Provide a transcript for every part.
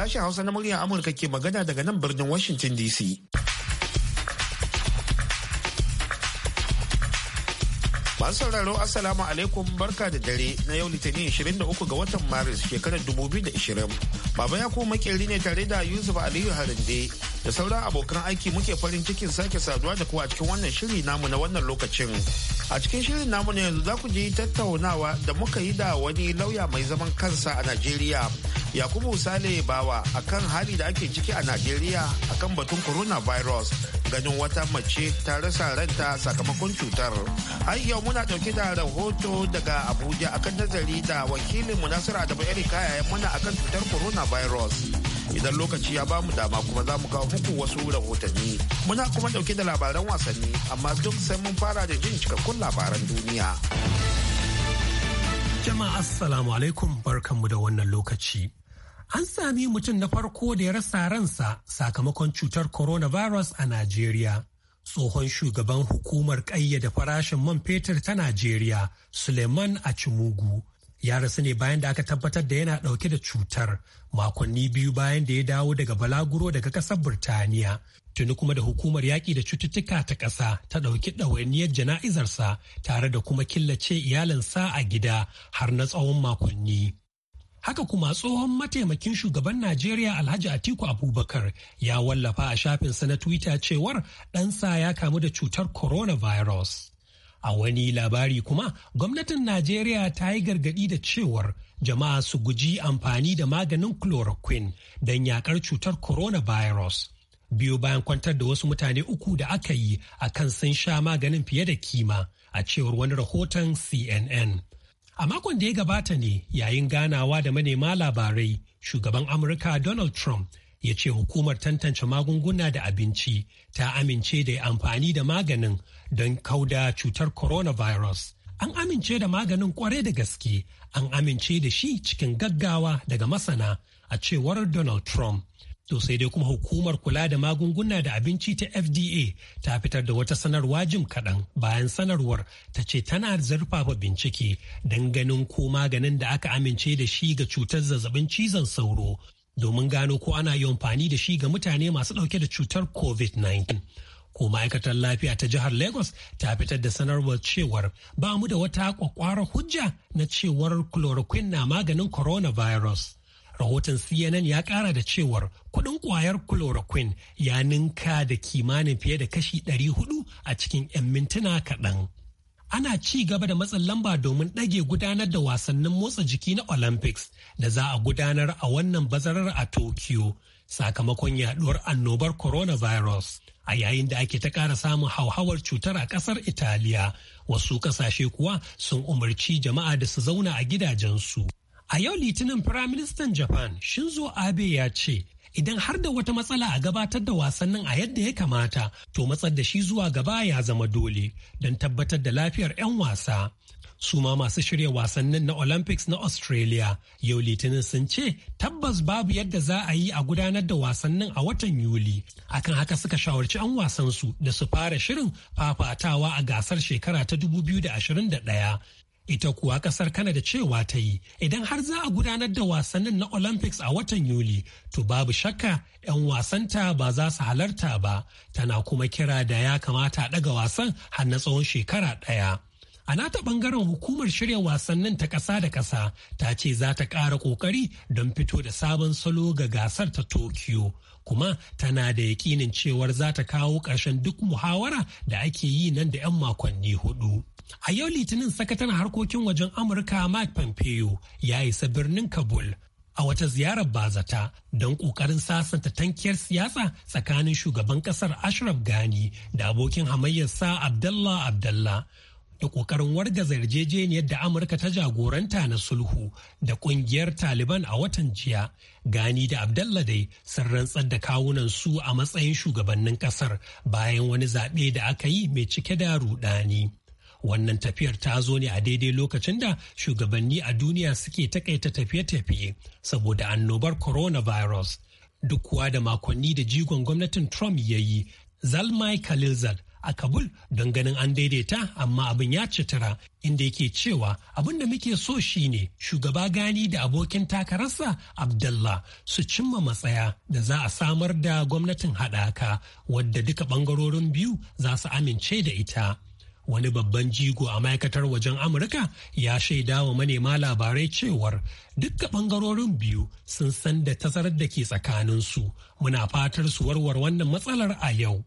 Sashen Hausa na muryar Amurka ke magana daga nan birnin Washington DC. Masu sauraro Assalamu alaikum barka da dare na yau Litinin 23 ga watan Maris shekarar 2020. Baba ya kuma makeri ne tare da Yusuf Aliyu Harande da sauran abokan aiki muke farin cikin sake saduwa da kuwa cikin wannan shiri namu na wannan lokacin. A cikin shirin namu na yanzu za ku ji tattaunawa da muka yi da wani lauya mai zaman kansa a Najeriya. Yakubu Sale Bawa akan hali da ake ciki a Najeriya akan batun corona virus ganin wata mace ta rasa ranta sakamakon cutar. Har yau muna dauke da rahoto daga Abuja akan nazari da wakilin mu da Adamu Erika ya muna akan cutar corona virus. idan lokaci ya bamu dama kuma za mu kawo muku wasu rahotanni muna kuma dauke da labaran wasanni amma duk sai mun fara da jin cikakkun labaran duniya jama'a assalamu alaikum barkanmu da wannan lokaci an sami mutum na farko da ya rasa ransa sakamakon cutar coronavirus a najeriya tsohon shugaban hukumar ƙayyade farashin man fetur ta Najeriya, Suleiman Achimugu, ya rasu ne bayan da aka tabbatar da yana ɗauke da cutar makonni biyu bayan da ya dawo daga balaguro daga ƙasar Birtaniya. Tuni kuma da hukumar yaƙi da cututtuka ta ƙasa ta ɗauki ɗawainiyar jana'izarsa tare da kuma killace iyalinsa a gida har na tsawon makonni. Haka kuma tsohon mataimakin shugaban Najeriya Alhaji Atiku Abubakar ya wallafa a shafinsa na Twitter cewar ɗansa ya kamu da cutar coronavirus. A wani labari kuma, gwamnatin Najeriya ta yi gargaɗi da cewar jama'a su guji amfani da maganin chloroquine don yakar cutar coronavirus. biyu bayan kwantar da wasu mutane uku da aka yi a kan sun sha maganin fiye da kima a cewar wani rahoton CNN. A makon da ya gabata ne yayin ganawa da manema labarai, shugaban Amurka Donald Trump ya ce hukumar tantance magunguna da abinci ta amince da amfani da maganin don kauda cutar coronavirus. An amince da maganin kware da gaske, an amince da shi cikin gaggawa daga masana a cewar Donald Trump. To sai dai kuma hukumar kula da magunguna da abinci ta FDA ta fitar da wata sanarwa jim kaɗan bayan sanarwar ta ce tana zurfafa bincike don ganin ko maganin da aka amince da shi ga cutar zazzabin cizon sauro domin gano ko ana yi amfani da shi ga mutane masu dauke da cutar covid-19 ko ma'aikatar lafiya ta jihar lagos ta fitar da sanarwar cewar ba mu da wata kwakwara hujja na cewar chloroquine na maganin coronavirus rahoton cnn ya kara da cewar kudin kwayar chloroquine ya ninka da kimanin fiye da kashi 400 a cikin 'yan mintuna kaɗan ana ci gaba da matsin lamba domin ɗage gudanar da wasannin motsa jiki na Olympics da za a gudanar a wannan bazarar a Tokyo sakamakon yaɗuwar annobar coronavirus. A yayin da ake ta ƙara samun hauhawar cutar a ƙasar Italiya, wasu ƙasashe kuwa sun umarci jama'a da su zauna a gidajensu. A yau Litinin Firaministan Japan Shinzo Abe ya ce idan har da wata matsala a gabatar da wasannin a yadda ya kamata to matsar da shi zuwa gaba ya zama dole don tabbatar da lafiyar 'yan wasa su ma masu shirya wasannin na olympics na australia yau litinin sun ce tabbas babu yadda za a yi a gudanar da wasannin a watan yuli akan haka suka shawarci 'yan wasansu da su fara shirin fafatawa a gasar shekara ta 2021 Ita kuwa kasar Kanada cewa ta yi idan har za a gudanar da wasannin na Olympics a watan Yuli to babu shakka 'yan wasanta ba za su halarta ba tana kuma kira da ya kamata a ɗaga wasan har na tsawon shekara ɗaya. A nata bangaren hukumar shirya wasannin ta ƙasa da ƙasa ta ce za ta ƙara ƙoƙari don fito da sabon salo ga gasar ta Tokyo. Kuma tana da yakinin cewar za ta kawo ƙarshen duk muhawara da ake yi nan da 'yan makonni hudu. A yau Litinin sakataren harkokin wajen Amurka Mike Pompeo ya isa birnin Kabul a wata ziyarar bazata don ƙoƙarin sasanta tankiyar siyasa tsakanin shugaban ƙasar Ashraf Gani da abokin hamayyarsa Abdallah Abdallah. da ƙoƙarin wargaza yarjejeniyar da Amurka ta jagoranta na sulhu da ƙungiyar Taliban a watan jiya. Gani da Abdallah dai sun rantsar da kawunan su a matsayin shugabannin ƙasar bayan wani zaɓe da aka yi mai cike da rudani. Wannan tafiyar ta zo ne a daidai lokacin da shugabanni a duniya suke takaita tafiye-tafiye saboda annobar coronavirus. Duk kuwa da makonni da jigon gwamnatin Trump ya yi, Zalmai Khalilzad a Kabul don ganin an daidaita amma abin ya citira inda yake cewa abin da muke so shi ne shugaba gani da abokin takararsa Abdullah su cimma matsaya da za a samar da gwamnatin haɗaka wadda duka ɓangarorin biyu za su amince da ita. wani babban jigo a ma'aikatar wajen amurka ya shaida wa manema labarai cewar dukka ɓangarorin biyu sun san da tazarar da ke tsakaninsu muna fatar su warware wannan matsalar a yau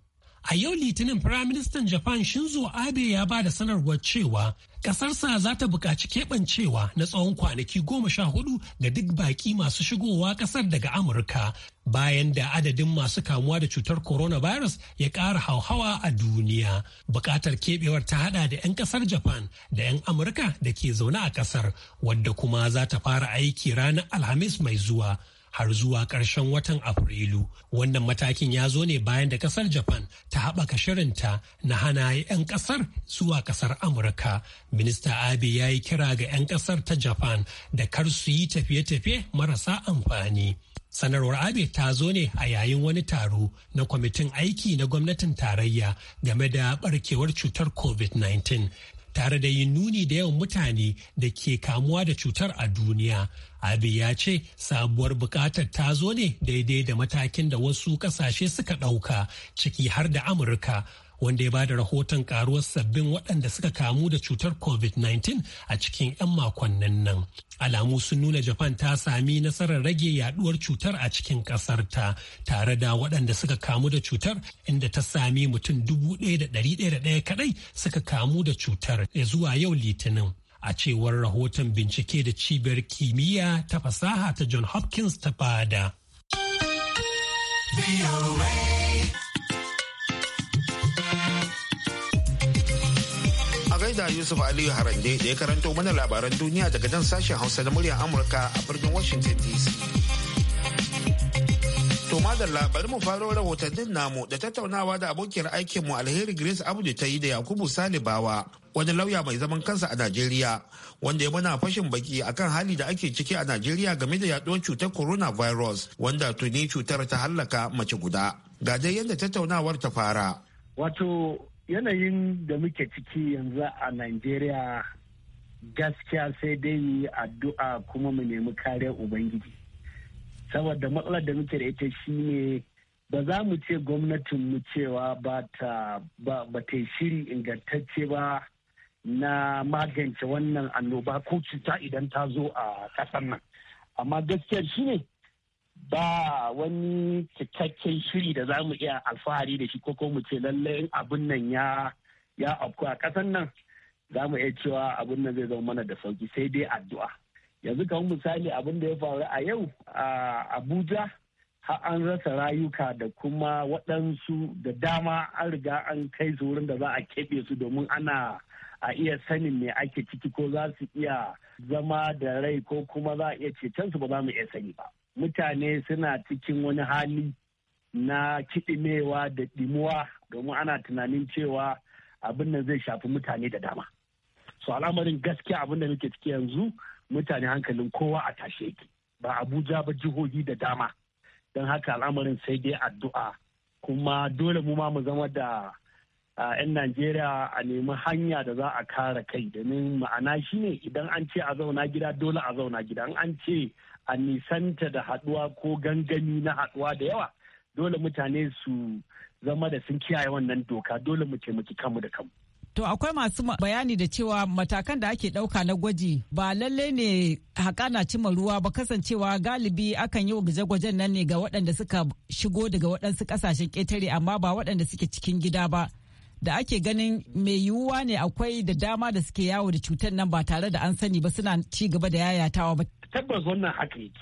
A yau Litinin Firaministan Japan Shinzo Abe ya ba da sanarwar cewa ƙasarsa za ta buƙaci keɓancewa na tsawon kwanaki goma sha hudu ga duk baƙi masu shigowa ƙasar daga Amurka bayan da adadin masu kamuwa da cutar coronavirus ya ƙara hauhawa a duniya. Buƙatar keɓewar ta haɗa da 'yan ƙasar Japan da 'yan Amurka da ke zaune a ƙasar wadda kuma za ta fara aiki ranar Alhamis mai zuwa. har zuwa ƙarshen watan Afrilu. Wannan matakin ya zo ne bayan da ƙasar Japan ta haɓaka shirinta na hana 'yan ƙasar zuwa ƙasar Amurka. Minista Abe ya yi kira ga 'yan ƙasar ta Japan da kar su yi tafiye-tafiye marasa amfani. sanarwar abe ta zo ne a yayin wani taro na kwamitin aiki na gwamnatin tarayya game da barkewar cutar covid-19 tare da yin nuni da yawan mutane da ke kamuwa da cutar a duniya. abi ya ce sabuwar bukatar ta zo ne daidai da matakin da wasu kasashe suka ɗauka ciki har da Amurka wanda ya ba da rahoton karuwar sabbin waɗanda suka kamu da cutar covid-19 a cikin 'yan makonnin nan alamu sun nuna japan ta sami nasarar rage yaduwar cutar a cikin ƙasar ta tare da waɗanda suka kamu da cutar inda ta sami mutum dubu da da ɗaya kadai suka kamu da cutar Ya zuwa yau litinin a cewar rahoton bincike da cibiyar kimiyya ta fasaha ta john hopkins ta bada. da Yusuf Aliyu Harande da ya karanto mana labaran duniya daga nan sashen Hausa na muryar Amurka a birnin Washington DC. To madalla bari mu faro rahotannin namu da tattaunawa da abokiyar aikinmu alheri Grace Abdu ta yi da Yakubu Salibawa wani lauya mai zaman kansa a Najeriya wanda ya mana fashin baki akan hali da ake ciki a Najeriya game da yaduwar cutar corona virus wanda tuni cutar ta hallaka mace guda. Ga dai yadda tattaunawar ta fara. Wato yanayin da muke ciki yanzu a Najeriya gaskiya sai dai yi addu'a kuma mu nemi kare Ubangiji. Saboda matsalar da muke da ita shi ne ba za mu ce gwamnatinmu cewa ba ta shiri ingantacce ba na magance wannan annoba ko cuta idan ta zo a ƙasar nan. Amma gaskiya shi ne. ba wani cikakken shiri da za mu iya alfahari da shi ko ko mu ce lallai abin nan ya ya afku a kasan nan za mu iya cewa abin nan zai zama mana da sauki sai dai addu'a yanzu kamar misali abin da ya faru a yau a abuja har an rasa rayuka da kuma waɗansu da dama an riga an kai su wurin da za a keɓe su domin ana a iya sanin me ake ciki ko za su iya zama da rai ko kuma za a iya ceton su ba za mu iya sani ba mutane suna cikin wani hali na kiɗimewa da ɗimuwa domin ana tunanin cewa abin nan zai shafi mutane da dama so al'amarin gaskiya abin da muke ciki yanzu mutane hankalin kowa a tashe yake ba abuja ba jihohi da dama don haka al'amarin sai dai addu'a kuma dole mu ma mu zama da 'yan najeriya a nemi hanya da za a kare kai domin ma'ana shi ne idan an ce a zauna gida dole a zauna gida an ce a nisanta da haɗuwa ko gangami na haduwa da yawa dole mutane su zama da sun kiyaye wannan doka dole mu taimaki kanmu da kanmu To akwai masu bayani da cewa matakan da ake ɗauka na gwaji ba lallai ne na cima ruwa ba kasancewa galibi akan yi gwaje-gwajen nan ne ga waɗanda suka shigo daga waɗansu ƙasashen ƙetare amma ba waɗanda suke cikin gida ba. da ake ganin mai yiwuwa ne akwai da dama da suke yawo da cutar nan ba tare da an sani ba suna ci gaba da yayatawa ba. Tabbas wannan haka yake.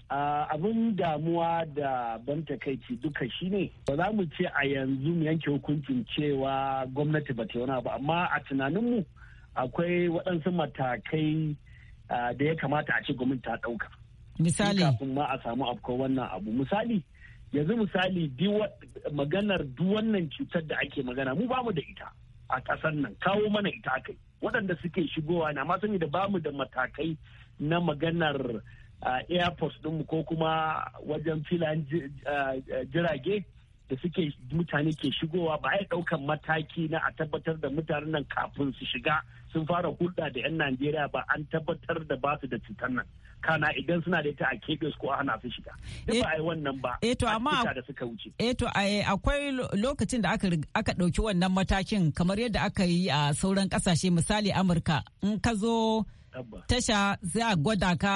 Abin damuwa da ban takaici duka shi ne. ba za mu ce a yanzu mu yanke hukuncin cewa gwamnati ba ta yi ba amma a tunaninmu akwai waɗansu matakai da ya kamata a ce gwamnati ta ɗauka. Misali. Kafin ma a samu afko wannan abu. Misali. yanzu misali maganar duk wannan cutar da ake magana mu bamu da ita a ƙasar nan kawo mana ita kai waɗanda suke shigowa na ma sani da bamu da matakai na maganar ah, airports dinmu ko kuma wajen filan ah, jirage da suke mutane ke shigowa ba ya ɗaukan mataki na a tabbatar da mutanen nan kafin su shiga sun fara hulɗa da 'yan najeriya ba an tabbatar da basu da cutar nan kana idan suna da ita a keɓe ko a hana su shiga duk ba a yi wannan ba eh, eh to amma da suka wuce eh to eh, akwai lokacin da aka ɗauki wannan matakin kamar yadda aka yi a sauran kasashe misali Amurka in ka zo tasha za a gwada ka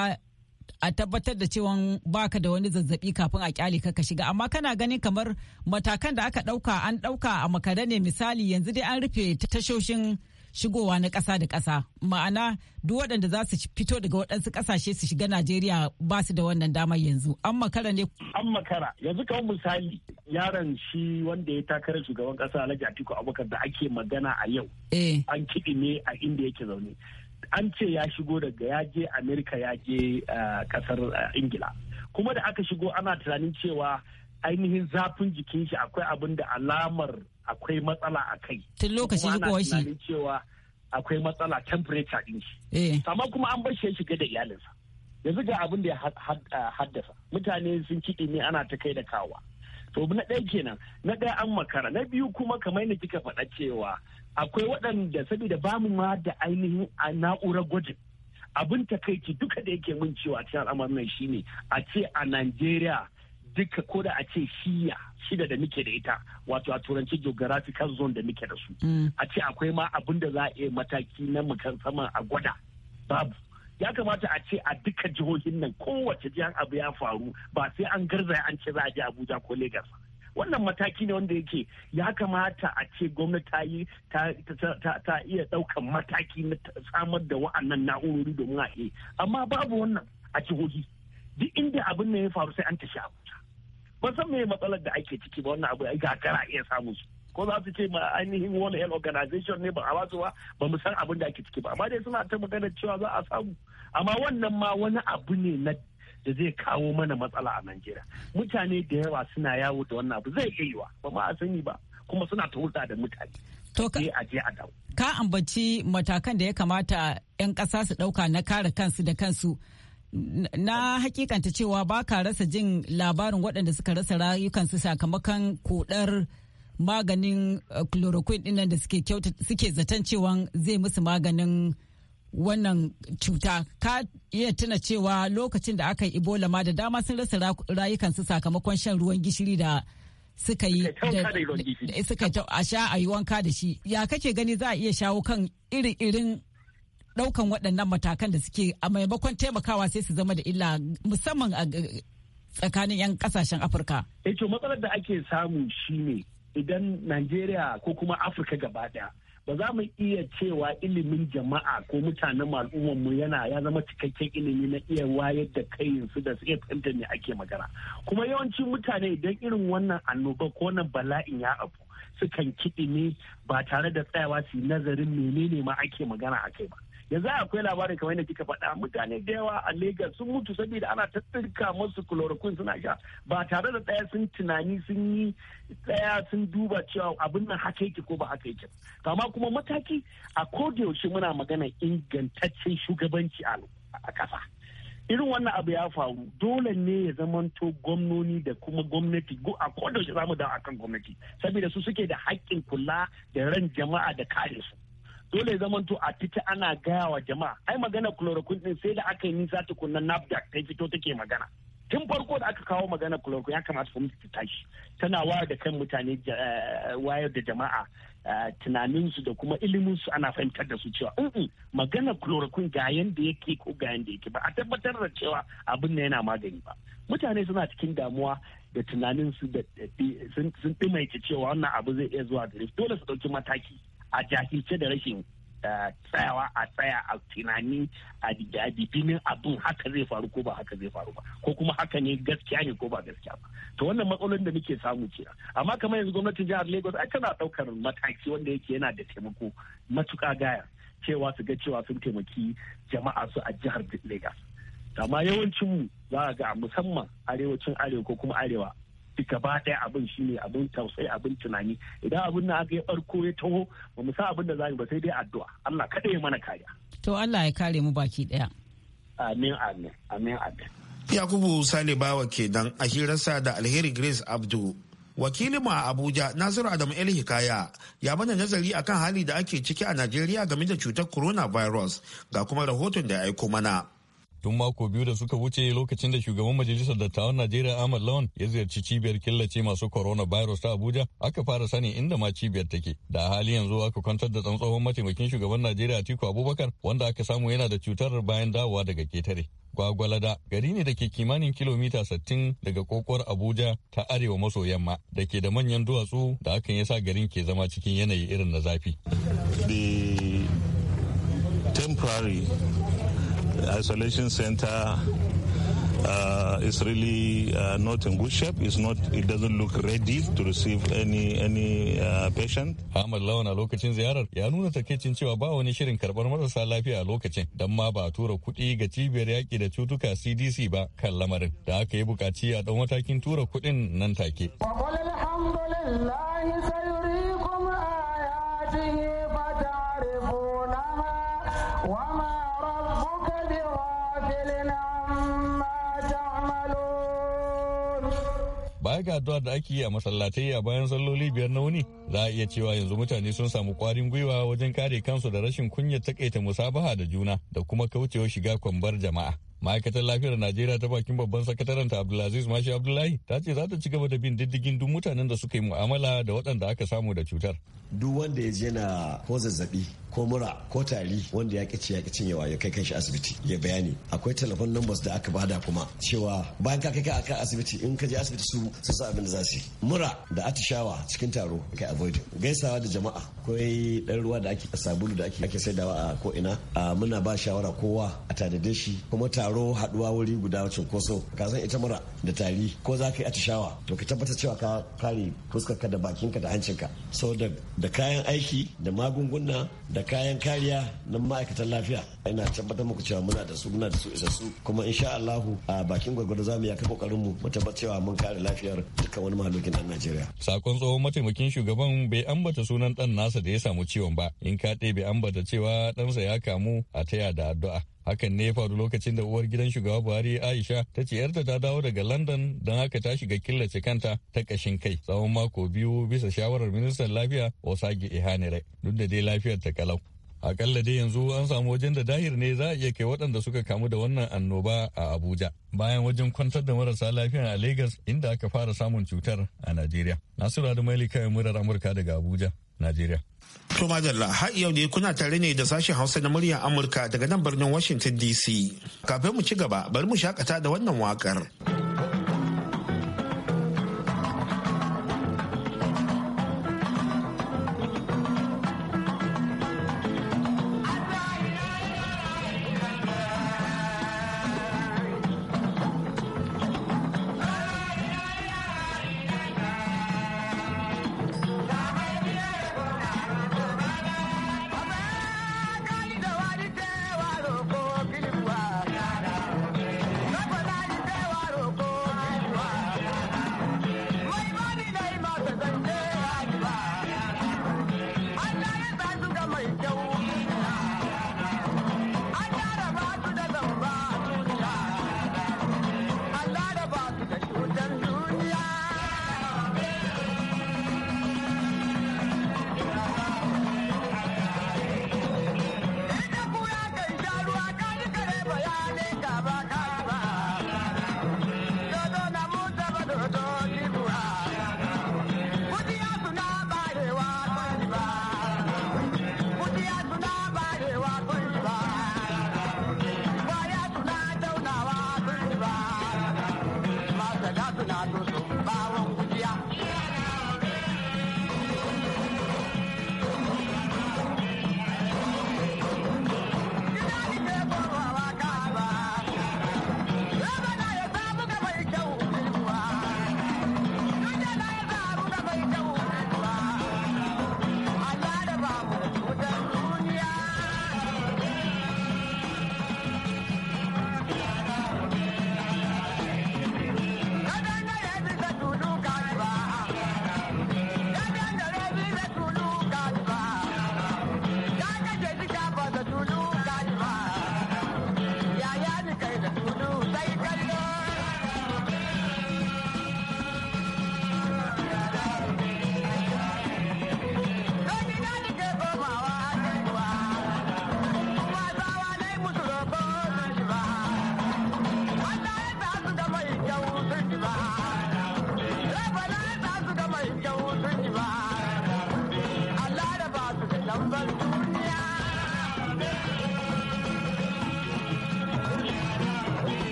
a tabbatar da cewa baka da wani zazzabi kafin a kyale ka shiga amma kana ganin kamar matakan da aka ɗauka an ɗauka a makare ne misali yanzu dai an rufe tashoshin shigowa na ƙasa da ƙasa ma'ana duk waɗanda za su fito daga waɗansu ƙasashe su shiga najeriya ba su da wannan damar yanzu an makara ne an makara yanzu kawo misali yaron shi wanda ya takara shugaban ƙasa alhaji atiku abubakar da ake magana a yau eh. an kiɗi ne a inda yake zaune an ce ya shigo daga ya je amerika ya je kasar eh, eh, ingila kuma da aka shigo ana tunanin cewa ainihin zafin jikin shi akwai abin da alamar akwai matsala a kai. Tun lokaci ji kuwa shi. cewa akwai matsala temperature din shi. Sama eh. kuma an bar shi ya shiga da iyalinsa. Yanzu ga abin da ya ah, haddasa. Mutane sun kiɗi ne ana ta kai da kawa. To na ɗaya kenan, na ɗaya an makara, na biyu kuma kamar yadda kika faɗa cewa akwai waɗanda saboda ba mu ma da ainihin a ah, na'urar gwajin. Abin takaici duka da yake mun cewa cikin al'amarin nan shine a ce a Najeriya duka ko da a ce shiya shida da muke da ita wato a turanci geographical zone da muke da su mm. a ce akwai ma abin da za a iya mataki na mukan sama a gwada babu ya kamata a ce a duka jihohin nan kowace jihar abu ya faru ba sai an garzaya an ce za a je abuja ko lagos wannan mataki ne wanda yake ya kamata a ce gwamnati ta yi ta iya daukan mataki na samar da wa'annan na'urori domin a amma babu wannan a jihohi duk inda abin nan ya faru sai an tashi abu ban san me matsalar da ake ciki ba wannan abu ai ga kara iya samu su ko za su ce ma ainihin World Health Organization ne ba a wasu ba ba mu san abin da ake ciki ba amma dai suna ta magana cewa za a samu amma wannan ma wani abu ne na da zai kawo mana matsala a Najeriya mutane da yawa suna yawo da wannan abu zai iya yiwa ba ma a sani ba kuma suna ta hulɗa da mutane To ka, ka ambaci matakan da ya kamata 'yan ƙasa su ɗauka na kare kansu da kansu. na hakikanta cewa ba ka rasa jin labarin waɗanda suka rasa rayukansu sakamakon kudar maganin eh, chloroquine dinnan da suke zaton cewa zai musu maganin wannan cuta ka iya tuna cewa lokacin da aka yi ebola ma da dama sun rasa rayukansu sakamakon shan ruwan gishiri da suka yi a sha a yi wanka da shi ya kake gani za a iya shawo kan iri-irin daukan waɗannan matakan da suke a maimakon taimakawa sai su zama da illa musamman a tsakanin 'yan kasashen afirka. Eh, to matsalar da ake samu shine idan najeriya ko kuma afirka gaba ɗaya ba za mu iya cewa ilimin jama'a ko mutanen al'ummar mu yana ya zama cikakken ilimi na iya wayar da kayinsu da su iya fahimtar ne ake magana kuma yawancin mutane idan irin wannan annoba ko wannan bala'in ya abu sukan kiɗi ne ba tare da tsayawa su nazarin menene ma ake magana a kai ba yanzu akwai labarin kamar yadda kika faɗa mutane da yawa a Legas sun mutu saboda ana ta tsirka musu chloroquine suna sha ba tare da ɗaya sun tunani sun yi ɗaya sun duba cewa abin nan haka yake ko ba haka yake to amma kuma mataki a yaushe muna magana ingantaccen shugabanci a ƙasa irin wannan abu ya faru dole ne ya zamanto gwamnoni da kuma gwamnati a kodayaushe za mu dawo akan gwamnati saboda su suke da haƙƙin kula da ran jama'a da kare su dole ya zamanto a fita ana gaya wa jama'a ai magana chloroquine din sai da aka yi nisa tukunan nafdac ta fito take magana tun farko da aka kawo magana chloroquine ya kamata gwamnati ta tashi tana wayar da kan mutane eh, wayar da jama'a eh, tunaninsu da kuma iliminsu ana fahimtar da su cewa in magana chloroquine ga yanda yake ko ga yanda yake ba a tabbatar da cewa abin na yana magani ba mutane suna cikin damuwa da tunanin sun dimaice cewa wannan abu zai iya zuwa gare dole su ɗauki mataki a jahilce da rashin eh, tsayawa a tsaya a tunani a bibinin abin haka zai faru ko ba haka zai faru ba ko kuma haka ne gaskiya ne ko ba gaskiya ba to wannan matsalolin da muke samu kira amma kamar yanzu gwamnatin jihar Lagos ai tana daukar mataki wanda yake yana da taimako matuka gaya cewa su ga cewa sun taimaki jama'a su a jihar Lagos amma yawancin mu za ga musamman arewacin arewa ko kuma arewa gaba ɗaya abin shi ne abin tausayi abin tunani idan abin na aka yi barko ya taho ba mu sa abin da za ba sai dai addu'a Allah kada ya mana kariya. To Allah ya kare mu baki ɗaya. Amin amin amin amin. Yakubu Sale Bawa kenan a hirarsa da Alheri Grace Abdu. wakilinmu mu a Abuja Nasiru Adamu El Hikaya ya mana nazari akan hali da ake ciki a Najeriya game da cutar coronavirus ga kuma rahoton da ya aiko mana. tun mako biyu da suka wuce lokacin da shugaban majalisar dattawan najeriya ahmad lawan ya ziyarci cibiyar killace masu coronavirus ta abuja aka fara sani inda ma cibiyar take da hali yanzu aka kwantar da tsantsohon mataimakin shugaban najeriya atiku abubakar wanda aka samu yana da cutar bayan dawowa daga ketare Gwagwalada gari ne da ke kimanin kilomita 60 daga kokowar Abuja ta arewa maso yamma da ke da manyan duwatsu da hakan ya sa garin ke zama cikin yanayi irin na zafi. The isolation center uh, is really uh, not in good shape. It's not, it doesn't look ready to receive any any uh, patient. Ahmad Lawan a lokacin ziyarar ya nuna takeicin cewa ba wani shirin karbar marasa lafiya a lokacin don ma ba tura kuɗi ga cibiyar yaƙi da cutuka CDC ba kan lamarin da aka yi buƙaci a ɗan matakin tura kuɗin nan take. Wa addu'a da ake yi a masallatai a bayan salloli biyar na wuni za a iya cewa yanzu mutane sun samu kwarin gwiwa wajen kare kansu da rashin kunyar takaita musabaha da juna da kuma kaucewa shiga kwambar jama'a ma'aikatar lafiyar najeriya ta bakin babban sakataren ta abdulaziz mashi abdullahi ta ce za ta ci gaba da bin diddigin duk mutanen da suka yi mu'amala da waɗanda aka samu da cutar duk wanda ya je na ko zazzabi ko mura ko tari wanda ya kici ya kicin yawa ya kai kanshi asibiti ya bayani akwai telefon numbers da aka bada kuma cewa bayan ka kai ka akan asibiti in ka je asibiti su su sa abin da za su mura da atishawa cikin taro kai avoid gaisawa da jama'a akwai dan ruwa da ake sabulu da ake ake saidawa a ko ina muna ba shawara kowa a tadade shi kuma taro haduwa wuri guda cunkoso ka san ita mura da tari ko za ka yi atishawa to ka tabbata cewa ka kare fuskar ka da bakin ka da hancin ka so da da kayan aiki da magunguna da kayan kariya na ma'aikatan lafiya ina tabbatar muku cewa muna da su muna da su isassu kuma insha Allahu a bakin gwagwado za mu yaka kokarin mu mu tabbatar cewa mun kare lafiyar dukkan wani mahalukin dan Najeriya sakon tsohon mataimakin shugaban bai ambata sunan dan nasa da ya samu ciwon ba in ka bai ambata cewa dansa ya kamu a taya da addu'a hakan ne ya faru lokacin da uwar gidan shugaba buhari aisha ta ce yarta ta dawo daga london don haka ta shiga killace kanta ta kashin kai tsawon mako biyu bisa shawarar ministan lafiya osage rai duk da dai lafiyar ta kalau akalla dai yanzu an samu wajen da dahir ne za a iya kai waɗanda suka kamu da wannan annoba a abuja bayan wajen kwantar da marasa lafiya a lagos inda aka fara samun cutar a najeriya nasiru da mailika murar amurka daga abuja Najeriya. To Madalla, har yau ne kuna tare ne da sashen Hausa na muryar Amurka daga nan birnin Washington DC. Kafin mu ci gaba, bari mu shakata da wannan waƙar.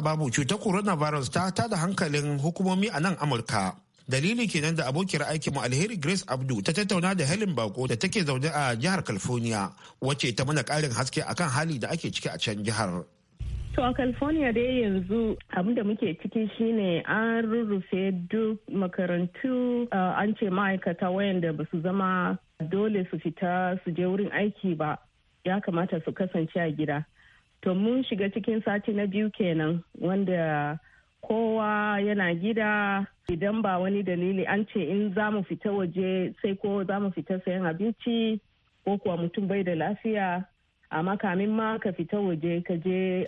a babu cutar coronavirus ta tada hankalin hukumomi a nan amurka dalili kenan da abokiyar aikinmu alheri grace abdu ta tattauna da helen bako da take zaune a jihar california wacce ta mana karin haske akan hali da ake ciki a can jihar To a California dai yanzu abin da muke ciki shine an rurrufe duk makarantu eh, an ce ma'aikata wayanda ba su zama dole su fita su je wurin aiki ba ya kamata su kasance a gida. to mun shiga cikin sati na biyu kenan wanda kowa yana gida idan ba wani dalili an ce in za mu fita waje sai ko za mu fita sayan abinci ko kuwa mutum bai da lafiya amma kamin ma ka fita waje ka je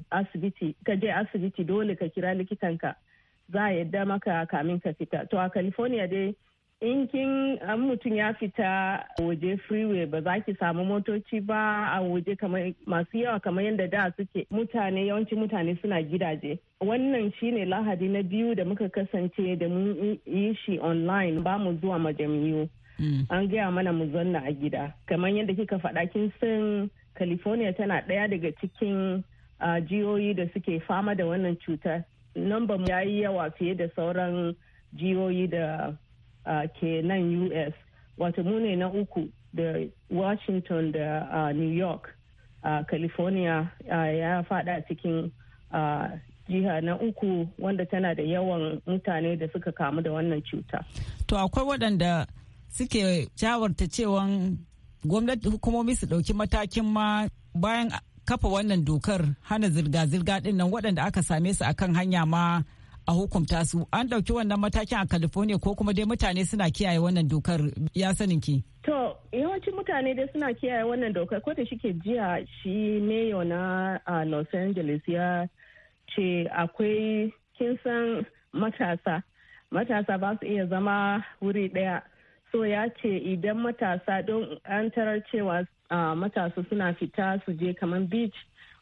asibiti dole ka kira likitanka za a yadda maka kamin ka fita to a california dai in kin an mutum ya fita waje freeway ba za ki samu motoci ba a waje masu yawa kamar yadda da suke mutane yawanci mutane suna gidaje wannan shine lahadi na biyu da muka kasance da mun yi shi online ba mu zuwa majami'u mm. an gaya mana mu zanna a gida kamar yadda kika faɗa kin san california tana ɗaya daga cikin jihohi da suke fama da wannan cutar nan mu mu yayi yawa fiye da sauran jihohi da Uh, ke nan us wato mu na uku da washington da uh, new york uh, california ya fada cikin jiha na uku wanda tana da yawan mutane da suka kamu da wannan cuta to akwai waɗanda suke jawarta cewan gwamnati hukumomi su ɗauki matakin ma bayan kafa wannan dokar hana zirga-zirga ɗin nan waɗanda aka same su akan hanya ma a hukunta su an ɗauki wannan matakin a california ko kuma dai mutane suna kiyaye wannan dokar ya sanin ki to yawancin mutane dai suna kiyaye wannan dokar ko da shike jiya shi mayo na a los angeles ya ce akwai kin san matasa matasa ba su iya zama wuri daya so ya ce idan matasa don an tarar cewa uh, matasa suna fita su je kamar beach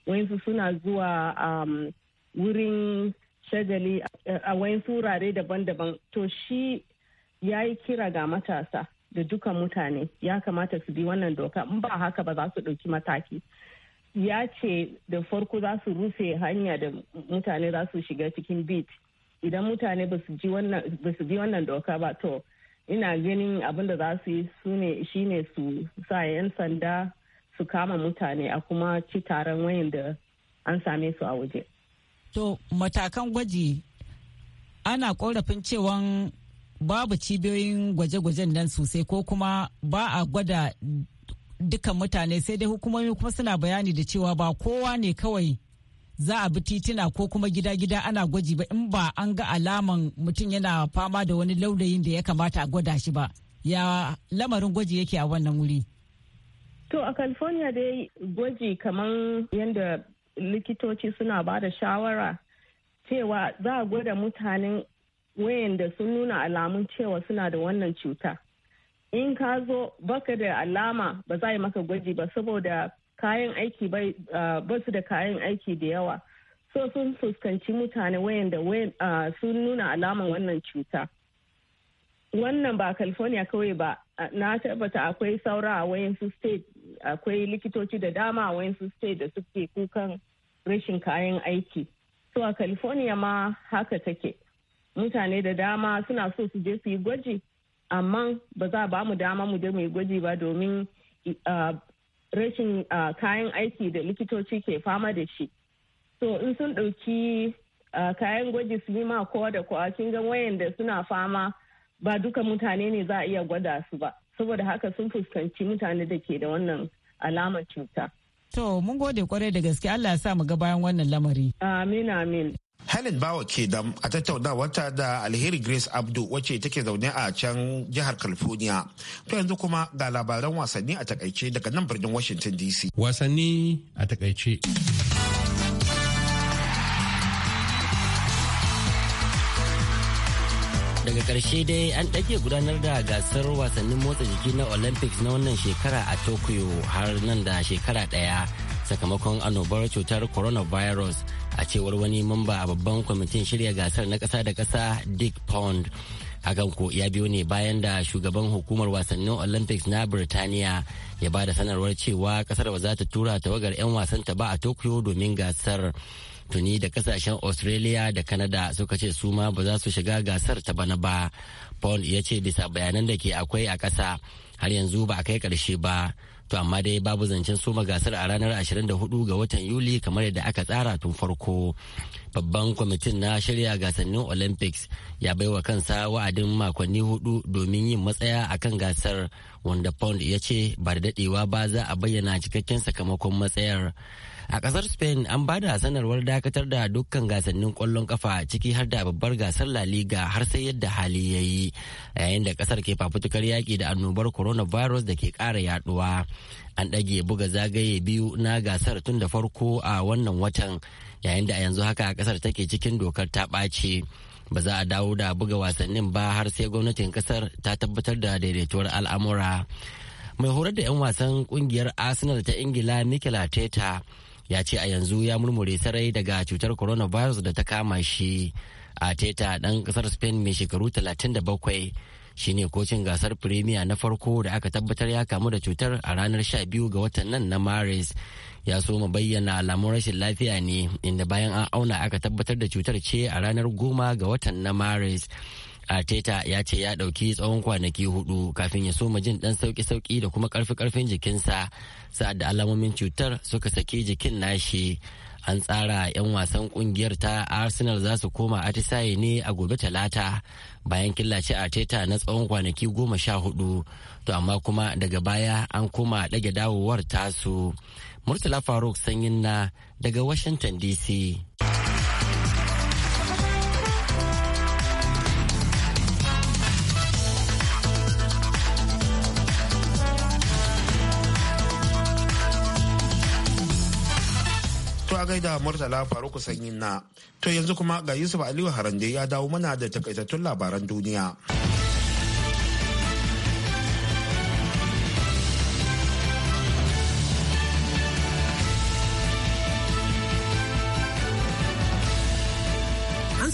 wayansu suna zuwa um, wurin shagali a wayan wurare daban-daban to shi ya yi kira ga matasa da dukan mutane ya kamata su bi wannan doka in ba haka ba za su ɗauki mataki ya ce da farko za su rufe hanya da mutane za su shiga cikin bit idan mutane ba su bi wannan doka ba to ina ganin abin da za su yi shine su sa 'yan sanda su kama mutane a kuma ci taron wayan da an same su a waje To matakan gwaji ana korafin cewan babu cibiyoyin gwaje-gwajen nan sosai ko kuma ba a gwada dukkan mutane sai dai hukumomi kuma suna bayani da cewa ba kowa ne kawai za a bi titina ko kuma gida-gida ana gwaji ba in ba an ga alaman mutum yana fama da wani laulayin da ya kamata a gwada shi ba ya lamarin gwaji yake a wannan wuri. To a California dai gwaji kamar yadda likitoci suna ba da shawara cewa za a gwada mutanen wayanda sun nuna alamun cewa suna da wannan cuta in ka zo baka da alama ba za a yi maka gwaji ba saboda kayan aiki ba su da kayan aiki da yawa so sun fuskanci mutane wayanda sun nuna alaman wannan cuta wannan ba california kawai ba na tabbata akwai saura a su state akwai likitoci da dama a su state da suke kukan rashin kayan aiki so a california ma haka take mutane da dama suna so su je su yi gwaji amma ba za ba mu dama mu je mu yi gwaji ba domin rashin kayan aiki da likitoci ke fama da shi so in sun ɗauki kayan gwaji su yi ma kowa da kowa kin ga wayanda suna fama ba duka mutane ne za a iya gwada su ba saboda haka sun fuskanci mutane da ke da wannan alamar cuta To mun gode kwarai da gaske Allah ya sa mu ga bayan wannan lamari. Amin amin. Helen Bawa Kedam a tattaunawarta da Alheri Grace Abdu wacce take zaune a can jihar California. To yanzu kuma ga labaran wasanni a takaice daga nan birnin Washington DC. Wasanni a takaice. daga ƙarshe dai an ɗage gudanar da gasar wasannin motsa jiki na olympics na wannan shekara a tokyo har nan da shekara ɗaya sakamakon annobar cutar coronavirus a cewar wani mamba a babban kwamitin shirya gasar na ƙasa da ƙasa dick pond hakan ko ya biyo ne bayan da shugaban hukumar wasannin olympics na birtaniya ya ba da sanarwar cewa ƙasar ba za ta tura tawagar 'yan wasanta ba a tokyo domin gasar tuni da kasashen australia da canada suka ce su ma ba za su shiga gasar ta bana ba paul ya ce bisa bayanan da ke akwai a ƙasa har yanzu ba a kai ƙarshe ba to amma dai babu zancen soma gasar a ranar 24 ga watan yuli kamar yadda aka tsara tun farko babban kwamitin na shirya gasannin olympics ya baiwa kansa wa'adin makonni hudu domin yin matsaya a kan gasar wanda pound ya ce ba da dadewa ba za a bayyana cikakken sakamakon matsayar a kasar spain an ba da sanarwar dakatar da dukkan gasannin kwallon kafa ciki har da babbar gasar la liga har sai yadda hali ya yi yayin da kasar ke fafutukar yaƙi da annobar coronavirus da ke ƙara yaduwa an ɗage buga zagaye biyu na gasar tun da farko a wannan watan yayin da a yanzu haka kasar take cikin dokar ta ɓace ba za a dawo da buga wasannin ba har sai gwamnatin kasar ta tabbatar da daidaituwar al'amura mai horar da 'yan wasan kungiyar arsenal ta ingila mikel arteta ya ce a yanzu ya murmure sarai daga cutar coronavirus da ta kama shi A arteta dan kasar spain mai shekaru 37 shine kocin gasar premier na farko da aka tabbatar ya kamu da cutar a ranar 12 ga watan nan na maris ya so mu bayyana alamun rashin lafiya ne inda bayan an auna aka tabbatar da cutar ce a ranar goma ga watan na maris arteta ya ce ya dauki tsawon kwanaki hudu kafin ya soma jin dan sauki-sauki da kuma karfi karfin jikinsa sa'ad da alamomin cutar suka saki jikin nashi an tsara 'yan wasan kungiyar ta arsenal za su koma atisaye ne a gobe talata bayan killace arteta na tsawon kwanaki goma sha hudu to amma kuma daga baya an koma dage dawowar tasu. Murtala Faruk Sanyin na daga Washington DC. a gaida Murtala faruk Sanyin na. To yanzu kuma ga Yusuf Aliyu Harande ya dawo mana da takaitattun labaran duniya.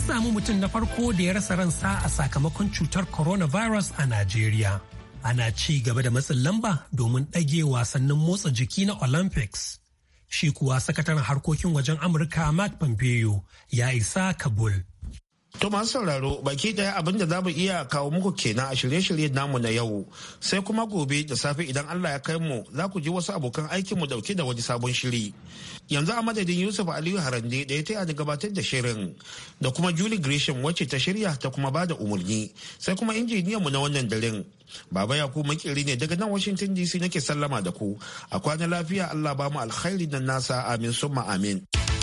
samu mutum na farko da ya rasa ransa a sakamakon cutar coronavirus a Najeriya. Ana ci gaba da matsin lamba domin ɗage wasannin motsa jiki na Olympics. Shi kuwa sakataren harkokin wajen Amurka Mark Pompeo ya isa Kabul To masu sauraro baki daya abin da za mu iya kawo muku kenan a shirye-shiryen namu na yau sai kuma gobe da safe idan Allah ya kai mu za ku ji wasu abokan aikin mu dauke da wani sabon shiri. Yanzu a madadin Yusuf Aliyu Harande da ya taya da gabatar da shirin da kuma Julie Gresham wacce ta shirya ta kuma bada umarni sai kuma injiniyan mu na wannan daren. Baba yaku makiri ne daga nan Washington DC nake sallama da ku. A kwana lafiya Allah ba mu alkhairi da nasa amin summa amin.